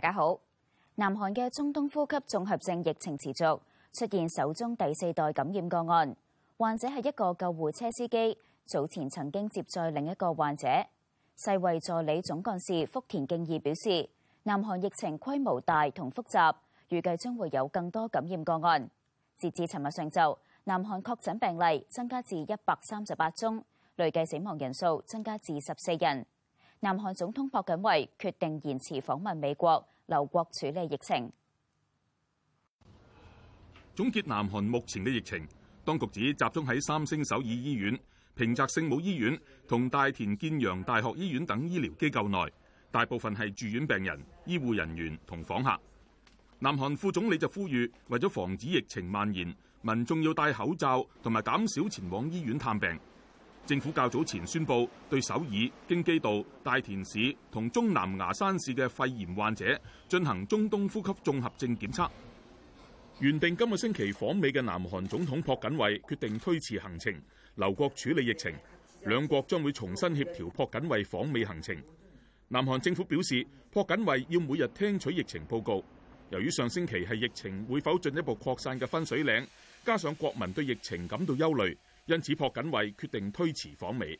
大家好，南韓嘅中東呼吸綜合症疫情持續出現首宗第四代感染個案，患者係一個救護車司機，早前曾經接載另一個患者。世衛助理總幹事福田敬二表示，南韓疫情規模大同複雜，預計將會有更多感染個案。截至尋日上晝，南韓確診病例增加至一百三十八宗，累計死亡人數增加至十四人。南韓總統朴槿惠決定延遲訪問美國，留國處理疫情。總結南韓目前嘅疫情，當局指集中喺三星首爾醫院、平澤聖母醫院同大田建陽大學醫院等醫療機構內，大部分係住院病人、醫護人員同訪客。南韓副總理就呼籲，為咗防止疫情蔓延，民眾要戴口罩同埋減少前往醫院探病。政府較早前宣布對首爾、京畿道、大田市同中南牙山市嘅肺炎患者進行中東呼吸綜合症檢測。原定今個星期訪美嘅南韓總統朴槿惠決定推遲行程，留國處理疫情。兩國將會重新協調朴槿惠訪美行程。南韓政府表示，朴槿惠要每日聽取疫情報告。由於上星期係疫情會否進一步擴散嘅分水嶺，加上國民對疫情感到憂慮。因此，朴槿惠決定推遲訪美。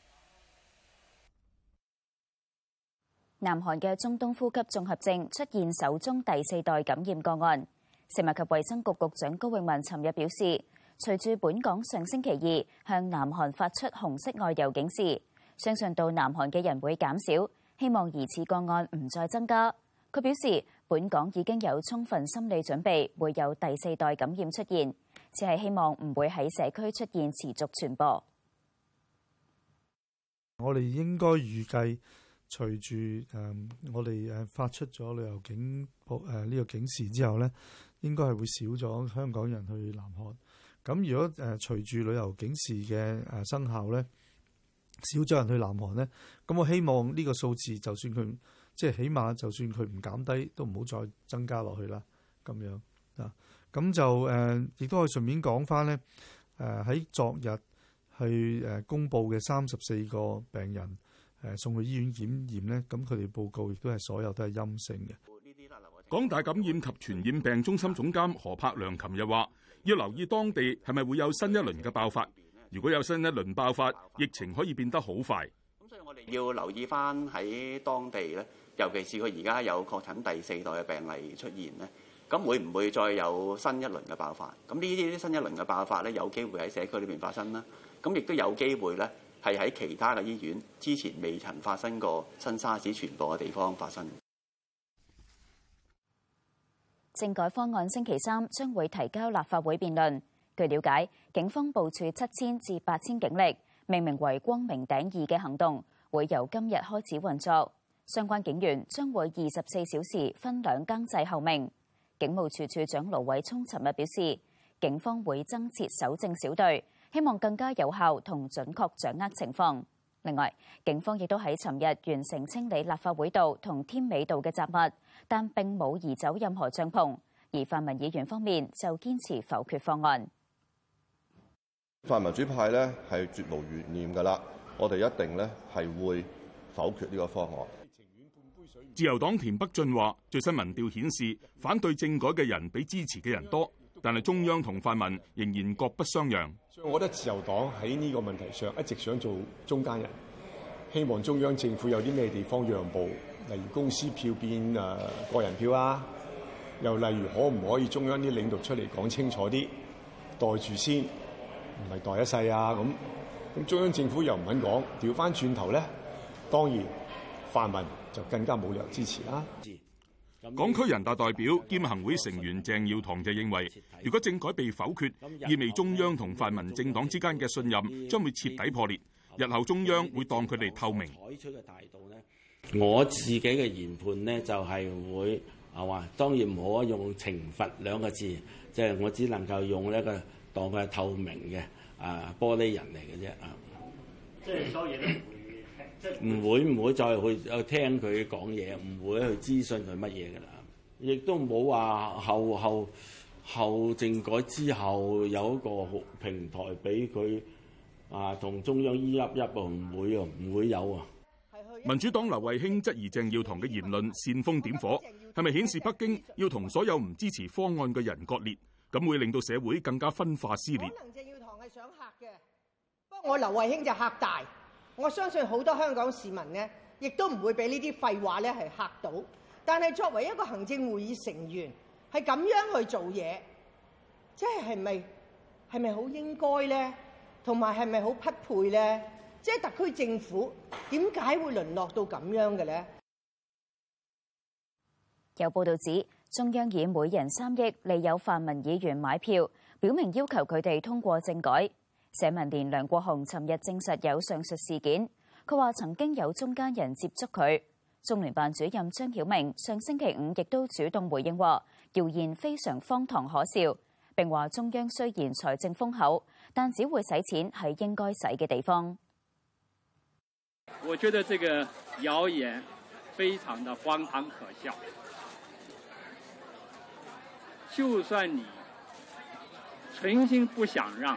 南韓嘅中東呼吸綜合症出現首宗第四代感染個案。食物及衛生局局長高永文尋日表示，隨住本港上星期二向南韓發出紅色外遊警示，相信到南韓嘅人會減少，希望疑似個案唔再增加。佢表示，本港已經有充分心理準備，會有第四代感染出現。只係希望唔會喺社區出現持續傳播。我哋應該預計，隨住誒我哋誒發出咗旅遊警報誒呢個警示之後咧，應該係會少咗香港人去南韓。咁如果誒隨住旅遊警示嘅誒生效咧，少咗人去南韓咧，咁我希望呢個數字就算佢即係起碼，就算佢唔減低，都唔好再增加落去啦。咁樣啊。咁就誒，亦都可以順便講翻咧。誒喺昨日去誒公佈嘅三十四個病人誒送去醫院檢驗咧，咁佢哋報告亦都係所有都係陰性嘅。港大感染及傳染病中心總監何柏良琴日話：要留意當地係咪會有新一輪嘅爆發？如果有新一輪爆發，疫情可以變得好快。咁所以我哋要留意翻喺當地咧，尤其是佢而家有確診第四代嘅病例出現咧。咁會唔會再有新一輪嘅爆發？咁呢啲新一輪嘅爆發咧，有機會喺社區裏邊發生啦。咁亦都有機會咧，係喺其他嘅醫院之前未曾發生過新沙士傳播嘅地方發生。政改方案星期三將會提交立法會辯論。據瞭解，警方部署七千至八千警力，命名為光明頂二嘅行動，會由今日開始運作。相關警員將會二十四小時分兩更制候命。警務處處長盧偉聰尋日表示，警方會增設守正小隊，希望更加有效同準確掌握情況。另外，警方亦都喺尋日完成清理立法會道同添美道嘅雜物，但並冇移走任何帳篷。而泛民議員方面就堅持否決方案。泛民主派咧係絕無懸念噶啦，我哋一定咧係會否決呢個方案。自由黨田北俊話：最新民調顯示，反對政改嘅人比支持嘅人多，但係中央同泛民仍然各不相讓。所以我覺得自由黨喺呢個問題上一直想做中間人，希望中央政府有啲咩地方讓步，例如公司票變誒、啊、個人票啊，又例如可唔可以中央啲領導出嚟講清楚啲，袋住先，唔係袋一世啊咁。咁中央政府又唔肯講，調返轉頭咧，當然泛民就更加冇人支持啦，啊。港區人大代表兼行會成員鄭耀棠就認為，如果政改被否決，意味中央同泛民政黨之間嘅信任將會徹底破裂，日後中央會當佢哋透明。嘅呢，我自己嘅研判呢，就係會，係話，當然唔可以用懲罰兩個字，即係我只能夠用一個當佢係透明嘅啊玻璃人嚟嘅啫啊，即係當然。唔會，唔會再去聽佢講嘢，唔會去諮詢佢乜嘢㗎啦。亦都冇話後後後政改之後有一個平台俾佢啊同中央依一一步，唔會啊唔會有啊。民主黨劉慧卿質疑鄭耀棠嘅言論煽風點火，係咪顯示北京要同所有唔支持方案嘅人割裂？咁會令到社會更加分化撕裂？可能鄭耀棠係想嚇嘅，不過我劉慧卿就嚇大。我相信好多香港市民呢，亦都唔會俾呢啲廢話咧係嚇到。但係作為一個行政會議成員，係咁樣去做嘢，即係，係咪係咪好應該呢，同埋係咪好匹配呢，即係特區政府點解會淪落到咁樣嘅呢？有報道指，中央以每人三億利誘泛民議員買票，表明要求佢哋通過政改。社民連梁國雄尋日證實有上述事件，佢話曾經有中間人接觸佢。中聯辦主任張曉明上星期五亦都主動回應話，謠言非常荒唐可笑，並話中央雖然財政豐厚，但只會使錢系應該使嘅地方。我覺得這個謠言非常的荒唐可笑，就算你存心不想讓。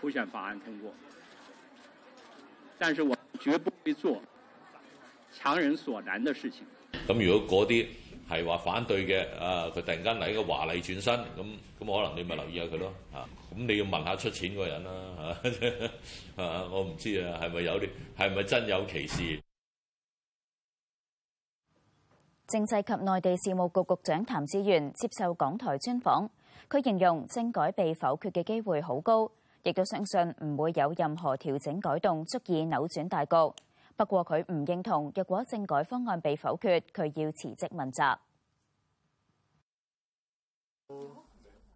普選法案通過，但是我絕不會做強人所難的事情。咁如果嗰啲係話反對嘅啊，佢突然間嚟一個華麗轉身，咁咁可能你咪留意下佢咯啊。咁你要問下出錢嗰個人啦，嚇我唔知啊，係咪有啲係咪真有其事？政制及內地事務局局長譚志源接受港台專訪，佢形容政改被否決嘅機會好高。亦都相信唔會有任何調整改動足以扭轉大局。不過，佢唔認同若果政改方案被否決，佢要辭職問責。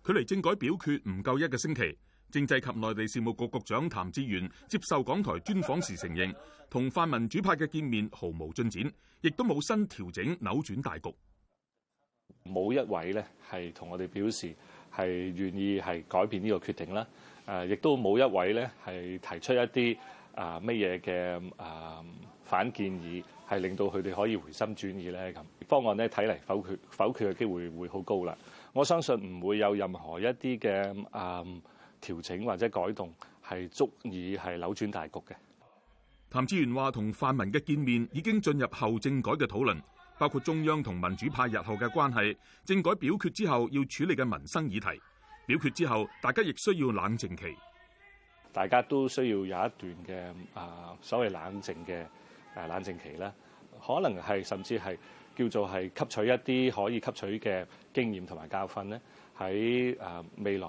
距離政改表決唔夠一個星期，政制及內地事務局局局長譚志源接受港台專訪時承認，同泛民主派嘅見面毫無進展，亦都冇新調整扭轉大局。冇一位咧，係同我哋表示，係願意，係改變呢個決定啦。誒，亦都冇一位咧係提出一啲啊乜嘢嘅啊反建議，係令到佢哋可以回心轉意咧咁。方案咧睇嚟否決否決嘅機會會好高啦。我相信唔會有任何一啲嘅啊調整或者改動係足以係扭轉大局嘅。譚志源話：同泛民嘅見面已經進入後政改嘅討論，包括中央同民主派日後嘅關係、政改表決之後要處理嘅民生議題。表決之後，大家亦需要冷靜期，大家都需要有一段嘅啊所謂冷靜嘅誒冷靜期啦。可能係甚至係叫做係吸取一啲可以吸取嘅經驗同埋教訓咧。喺誒、啊、未來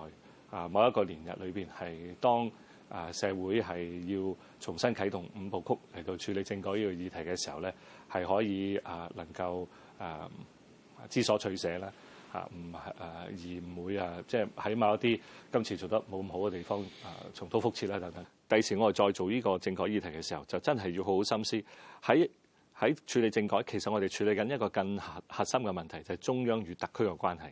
啊某一個年日裏邊，係當誒、啊、社會係要重新啟動五部曲嚟到處理政改呢個議題嘅時候咧，係可以誒、啊、能夠誒、啊、知所取捨啦。嚇唔係誒，而唔會誒，即係喺某一啲今次做得冇咁好嘅地方，誒重蹈覆轍啦等等。第時我哋再做呢個政改議題嘅時候，就真係要好好心思喺喺處理政改。其實我哋處理緊一個更核核心嘅問題，就係中央與特區嘅關係。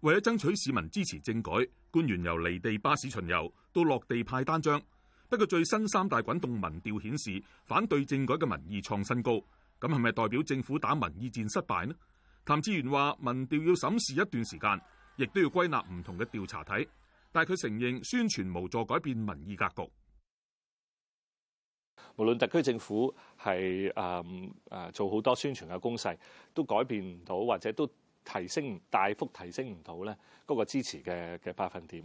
為咗爭取市民支持政改，官員由離地巴士巡遊到落地派單張。不過最新三大滾動民調顯示，反對政改嘅民意創新高。咁係咪代表政府打民意戰失敗呢？譚志源話民調要審視一段時間，亦都要歸納唔同嘅調查體，但佢承認宣傳無助改變民意格局。無論特區政府係誒誒做好多宣傳嘅攻勢，都改變唔到或者都提升大幅提升唔到咧嗰個支持嘅嘅百分點。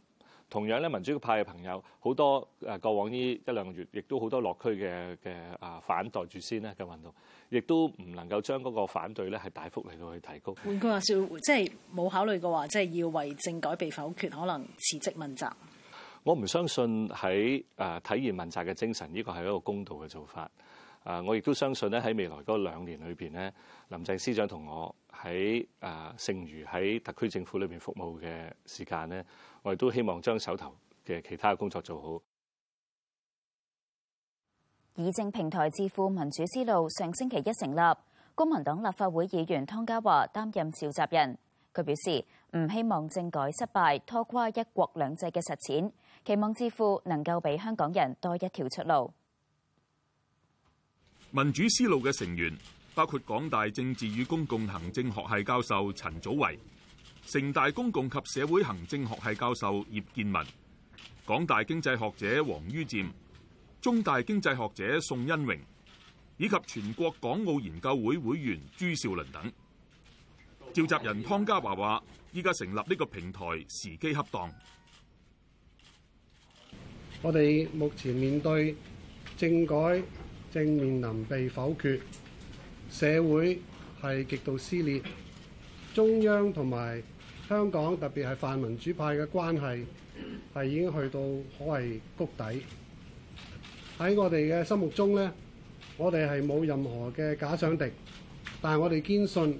同樣咧，民主派嘅朋友好多誒，過往呢一兩個月，亦都好多落區嘅嘅啊反對住先咧嘅運動，亦都唔能夠將嗰個反對咧係大幅嚟到去提高。換句話説，即係冇考慮嘅話，即係要為政改被否決，可能辭職問責。我唔相信喺誒體現問責嘅精神，呢個係一個公道嘅做法。啊！我亦都相信咧，喺未來嗰兩年裏邊咧，林鄭司長同我喺啊，剩餘喺特區政府裏面服務嘅時間咧，我亦都希望將手頭嘅其他嘅工作做好。以政平台智庫民主思路，上星期一成立，公民黨立法會議員湯家驊擔任召集人。佢表示唔希望政改失敗拖垮一國兩制嘅實踐，期望智庫能夠俾香港人多一條出路。民主思路嘅成員包括港大政治與公共行政學系教授陳祖為、城大公共及社會行政學系教授葉健民、港大經濟學者王于漸、中大經濟學者宋恩榮，以及全國港澳研究會會員朱少麟等。召集人湯家驊話：依家成立呢個平台時機恰當。我哋目前面對政改正面臨被否決，社會係極度撕裂，中央同埋香港特別係泛民主派嘅關係係已經去到可謂谷底。喺我哋嘅心目中咧，我哋係冇任何嘅假想敵，但係我哋堅信，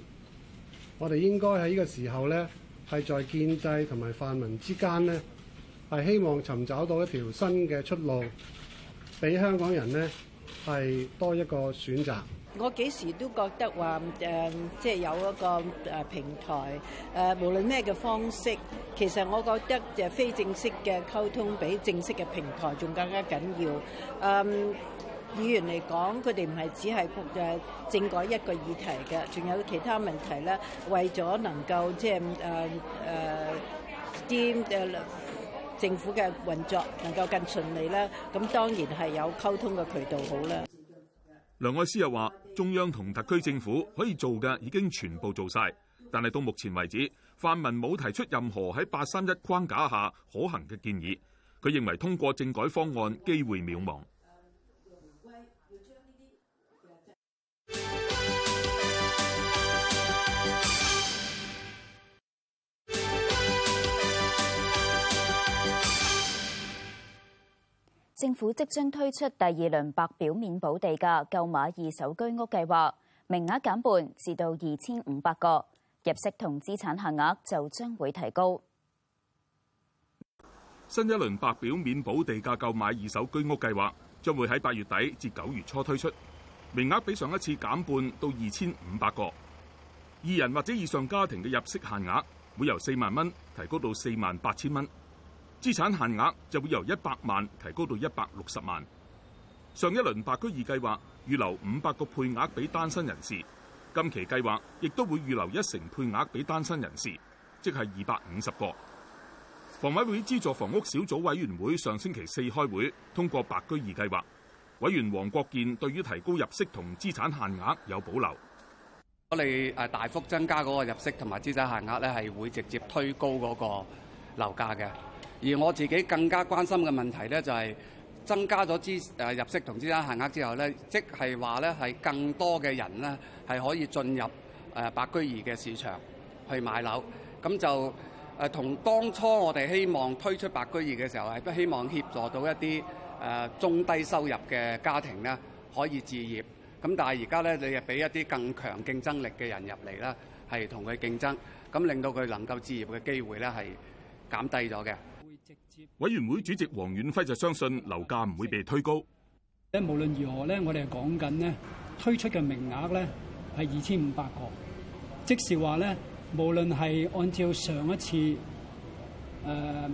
我哋應該喺呢個時候咧係在建制同埋泛民之間咧係希望尋找到一條新嘅出路，俾香港人咧。係多一個選擇。我幾時都覺得話，誒、呃，即係有一個誒平台，誒、呃，無論咩嘅方式，其實我覺得就係非正式嘅溝通比正式嘅平台仲更加緊要。誒、呃，議員嚟講，佢哋唔係只係誒政改一個議題嘅，仲有其他問題咧。為咗能夠即係誒誒啲誒。呃呃政府嘅運作能夠更順利啦，咁當然係有溝通嘅渠道好啦。梁愛詩又話：中央同特區政府可以做嘅已經全部做晒，但係到目前為止，泛民冇提出任何喺八三一框架下可行嘅建議。佢認為通過政改方案機會渺茫。政府即將推出第二輪白表免補地價購買二手居屋計劃，名額減半，至到二千五百個，入息同資產限額就將會提高。新一輪白表免補地價購買二手居屋計劃將會喺八月底至九月初推出，名額比上一次減半，到二千五百個，二人或者以上家庭嘅入息限額會由四萬蚊提高到四萬八千蚊。資產限額就會由一百萬提高到一百六十萬。上一輪白居二計劃預留五百個配額俾單身人士，今期計劃亦都會預留一成配額俾單身人士，即係二百五十個。房委會資助房屋小組委員會上星期四開會通過白居二計劃。委員黃國健對於提高入息同資產限額有保留。我哋大幅增加嗰個入息同埋資產限額咧，係會直接推高嗰個樓價嘅。而我自己更加關心嘅問題咧，就係、是、增加咗資誒入息同資產限額之後咧，即係話咧係更多嘅人咧係可以進入誒、啊、白居二嘅市場去買樓。咁就誒、啊、同當初我哋希望推出白居二嘅時候係都希望協助到一啲誒、啊、中低收入嘅家庭咧可以置業。咁，但係而家咧你又俾一啲更強競爭力嘅人入嚟啦，係同佢競爭，咁，令到佢能夠置業嘅機會咧係減低咗嘅。委員會主席黃遠輝就相信樓價唔會被推高。咧無論如何咧，我哋講緊咧推出嘅名額咧係二千五百個，即時話咧，無論係按照上一次誒、呃、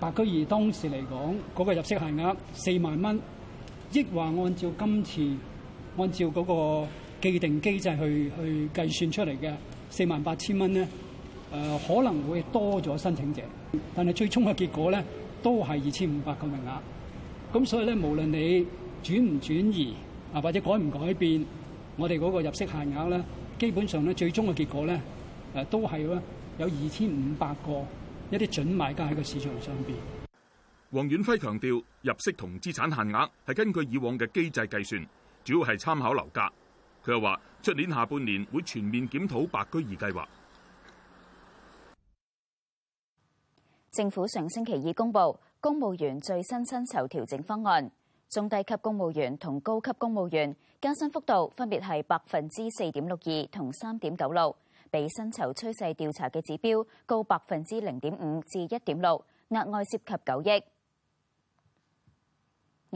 白居二當時嚟講嗰個入息限額四萬蚊，亦或按照今次按照嗰個既定機制，去去計算出嚟嘅四萬八千蚊咧。誒可能會多咗申請者，但係最終嘅結果咧，都係二千五百個名額。咁所以咧，無論你轉唔轉移啊，或者改唔改變，我哋嗰個入息限額咧，基本上咧，最終嘅結果咧，誒都係咧有二千五百個一啲準買家喺個市場上邊。黃遠輝強調，入息同資產限額係根據以往嘅機制計算，主要係參考樓價。佢又話，出年下半年會全面檢討白居易計劃。政府上星期已公布公務員最新薪酬調整方案，中低級公務員同高級公務員加薪幅度分別係百分之四點六二同三點九六，比薪酬趨勢調查嘅指標高百分之零點五至一點六，額外涉及九億。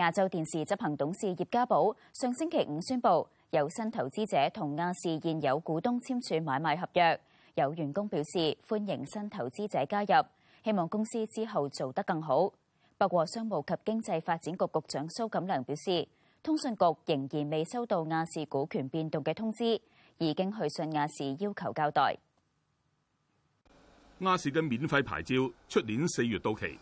亞洲電視執行董事葉家寶上星期五宣布，有新投資者同亞視現有股東簽署買賣合約。有員工表示歡迎新投資者加入。希望公司之後做得更好。不過，商務及經濟發展局局長蘇錦樑表示，通訊局仍然未收到亞視股權變動嘅通知，已經去信亞視要求交代。亞視嘅免費牌照出年四月到期，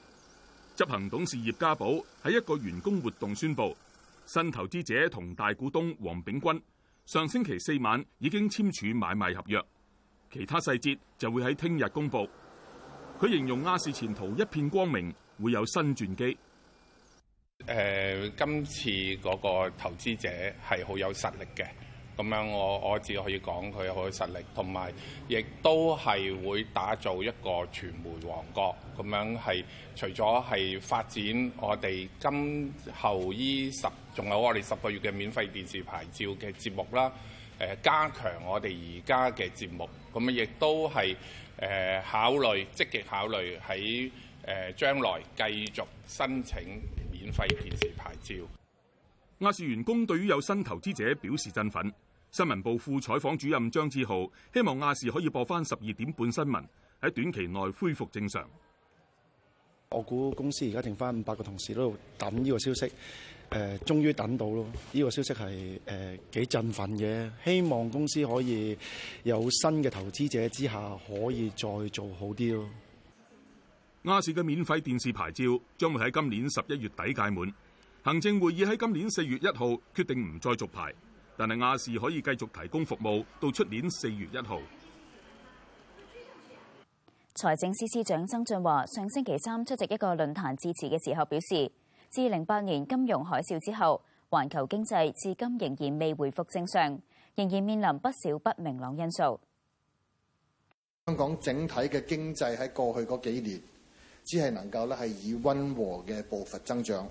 執行董事葉家寶喺一個員工活動宣布，新投資者同大股東黃炳均上星期四晚已經簽署買賣合約，其他細節就會喺聽日公佈。佢形容亞視前途一片光明，會有新轉機。誒、呃，今次嗰個投資者係好有實力嘅，咁樣我我只可以講佢好有實力，同埋亦都係會打造一個傳媒王國。咁樣係除咗係發展我哋今後依十，仲有我哋十個月嘅免費電視牌照嘅節目啦。誒、呃，加強我哋而家嘅節目，咁啊，亦都係。誒、考慮，積極考慮喺誒，將來繼續申請免費電視牌照。亞視員工對於有新投資者表示振奮。新聞部副採訪主任張志豪希望亞視可以播返十二點半新聞，喺短期內恢復正常。我估公司而家剩翻五百個同事喺度等呢個消息，誒、呃，終於等到咯！呢、這個消息係誒幾振奮嘅，希望公司可以有新嘅投資者之下，可以再做好啲咯。亞視嘅免費電視牌照將會喺今年十一月底屆滿，行政會議喺今年四月一號決定唔再續牌，但係亞視可以繼續提供服務到出年四月一號。財政司司長曾俊華上星期三出席一個論壇致辭嘅時候表示，自零八年金融海嘯之後，環球經濟至今仍然未回復正常，仍然面臨不少不明朗因素。香港整體嘅經濟喺過去嗰幾年，只係能夠咧係以溫和嘅步伐增長，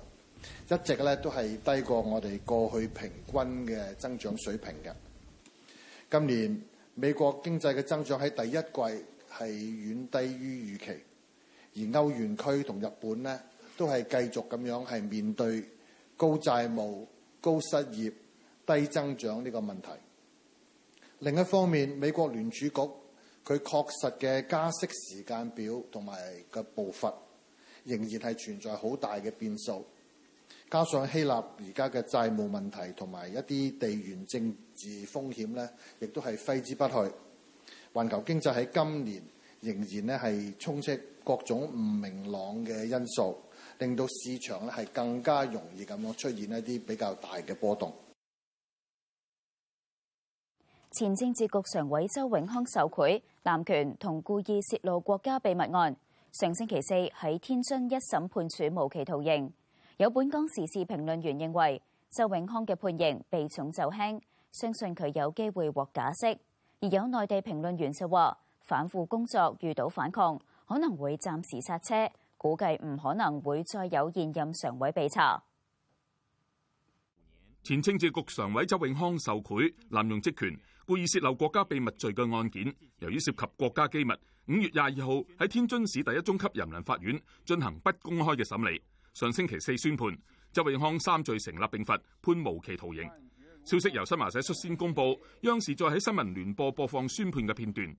一直咧都係低過我哋過去平均嘅增長水平嘅。今年美國經濟嘅增長喺第一季。係遠低於預期，而歐元區同日本呢，都係繼續咁樣係面對高債務、高失業、低增長呢個問題。另一方面，美國聯儲局佢確實嘅加息時間表同埋嘅步伐仍然係存在好大嘅變數，加上希臘而家嘅債務問題同埋一啲地緣政治風險呢，亦都係揮之不去。環球經濟喺今年仍然咧係充斥各種唔明朗嘅因素，令到市場咧係更加容易咁樣出現一啲比較大嘅波動。前政治局常委周永康受賄、濫權同故意泄露國家秘密案，上星期四喺天津一審判處無期徒刑。有本港時事評論員認為，周永康嘅判刑避重就輕，相信佢有機會獲假釋。而有內地評論員就話，反腐工作遇到反抗，可能會暫時剎車，估計唔可能會再有現任常委被查。前政治局常委周永康受賄、濫用職權、故意泄露國家秘密罪嘅案件，由於涉及國家機密，五月廿二號喺天津市第一中級人民法院進行不公開嘅審理。上星期四宣判，周永康三罪成立並罰，判無期徒刑。消息由新華社率先公布，央視再喺新聞聯播播放宣判嘅片段。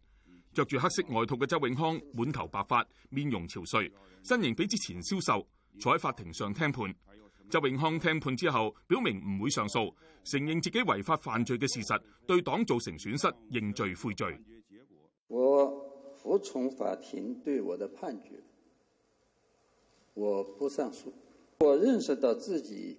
着住黑色外套嘅周永康，滿頭白髮，面容憔悴，身形比之前消瘦，坐喺法庭上聽判。周永康聽判之後，表明唔會上訴，承認自己違法犯罪嘅事實，對黨造成損失，認罪悔罪。我服從法庭對我的判決，我不上訴，我認識到自己。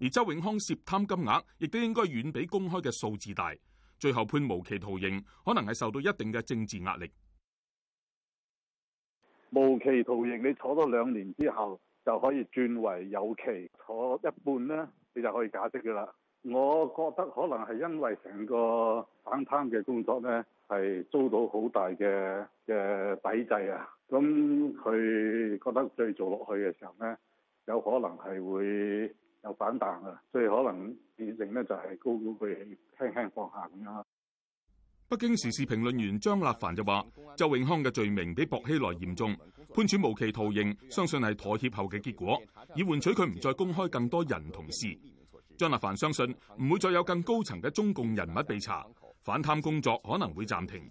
而周永康涉貪金額亦都應該遠比公開嘅數字大，最後判無期徒刑，可能係受到一定嘅政治壓力。無期徒刑，你坐咗兩年之後就可以轉為有期，坐一半咧，你就可以假釋噶啦。我覺得可能係因為成個反貪嘅工作咧係遭到好大嘅嘅抵制啊，咁佢覺得再做落去嘅時候咧，有可能係會。就反彈啊！所以可能變成咧就係高估佢輕輕放下咁樣。北京時事評論員張立凡就話，周永康嘅罪名比薄熙來嚴重，判處無期徒刑，相信係妥協後嘅結果，以換取佢唔再公開更多人同事。張立凡相信唔會再有更高層嘅中共人物被查，反貪工作可能會暫停。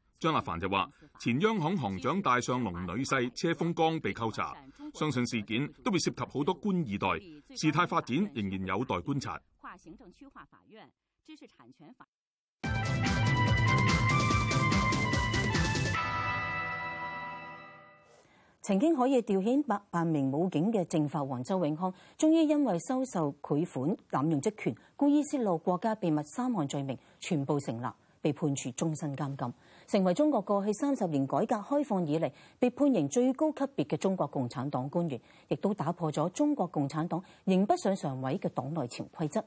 張立凡就話：前央行行長戴相龍女婿車峰剛被扣查，相信事件都會涉及好多官二代。事態發展仍然有待觀察。曾經可以調遣百萬名武警嘅政法王周永康，終於因為收受賄款、濫用職權、故意泄露國家秘密三項罪名全部成立，被判處終身監禁。成為中國過去三十年改革開放以嚟，被判刑最高級別嘅中國共產黨官員，亦都打破咗中國共產黨刑不上常委嘅黨內潛規則。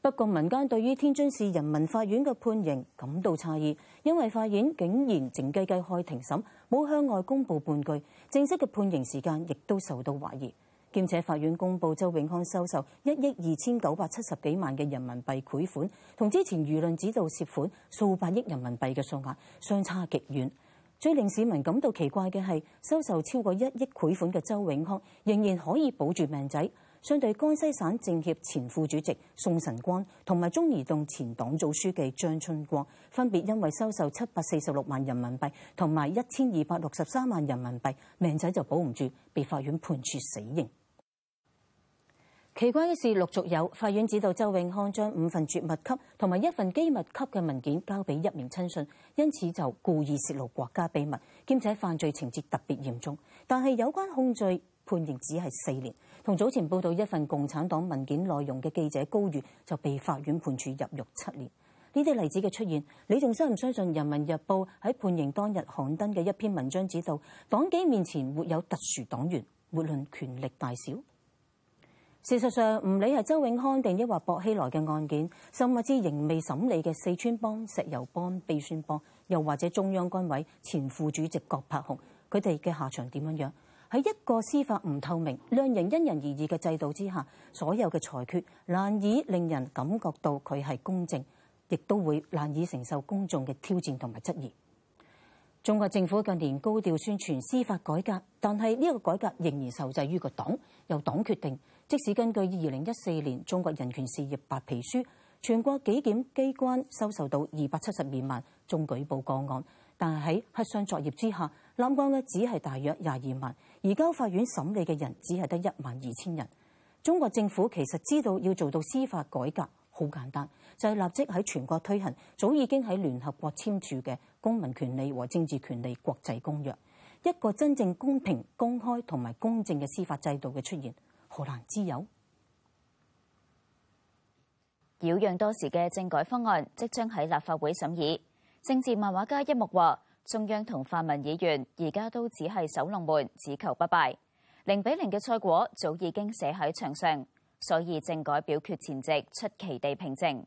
不過，民間對於天津市人民法院嘅判刑感到詫異，因為法院竟然靜雞雞開庭審，冇向外公布半句，正式嘅判刑時間亦都受到懷疑。兼且法院公布周永康收受一億二千九百七十幾萬嘅人民幣賄款，同之前輿論指到涉款數百億人民幣嘅數額相差極遠，最令市民感到奇怪嘅係收受超過一億賄款嘅周永康仍然可以保住命仔，相對江西省政協前副主席宋晨光同埋中移動前黨組書記張春光分別因為收受七百四十六萬人民幣同埋一千二百六十三萬人民幣命仔就保唔住，被法院判處死刑。奇怪嘅事，陸續有法院指導周永康將五份絕密級同埋一份機密級嘅文件交俾一名親信，因此就故意泄露國家秘密，兼且犯罪情節特別嚴重。但係有關控罪判刑只係四年。同早前報道一份共產黨文件內容嘅記者高瑜就被法院判處入獄七年。呢啲例子嘅出現，你仲相唔相信《人民日報》喺判刑當日刊登嘅一篇文章，指導黨紀面前沒有特殊黨員，無論權力大小？事實上，唔理係周永康定抑或薄熙來嘅案件，甚至仍未審理嘅四川幫、石油幫、秘宣幫，又或者中央軍委前副主席郭柏雄，佢哋嘅下場點樣樣？喺一個司法唔透明、量刑因人而異嘅制度之下，所有嘅裁決難以令人感覺到佢係公正，亦都會難以承受公眾嘅挑戰同埋質疑。中國政府近年高調宣傳司法改革，但係呢個改革仍然受制於個黨，由黨決定。即使根據二零一四年中國人權事業白皮書，全國紀檢機關收受到二百七十二萬宗舉報個案，但係喺黑箱作業之下，立案嘅只係大約廿二萬，而交法院審理嘅人只係得一萬二千人。中國政府其實知道要做到司法改革好簡單。就立即喺全國推行，早已經喺聯合國簽署嘅《公民權利和政治權利國際公約》。一個真正公平、公開同埋公正嘅司法制度嘅出現，何難之有？擾攘多時嘅政改方案即將喺立法會審議。政治漫畫家一木話：中央同泛民議員而家都只係守龍門，只求不敗零比零嘅賽果，早已經寫喺牆上，所以政改表決前夕出奇地平靜。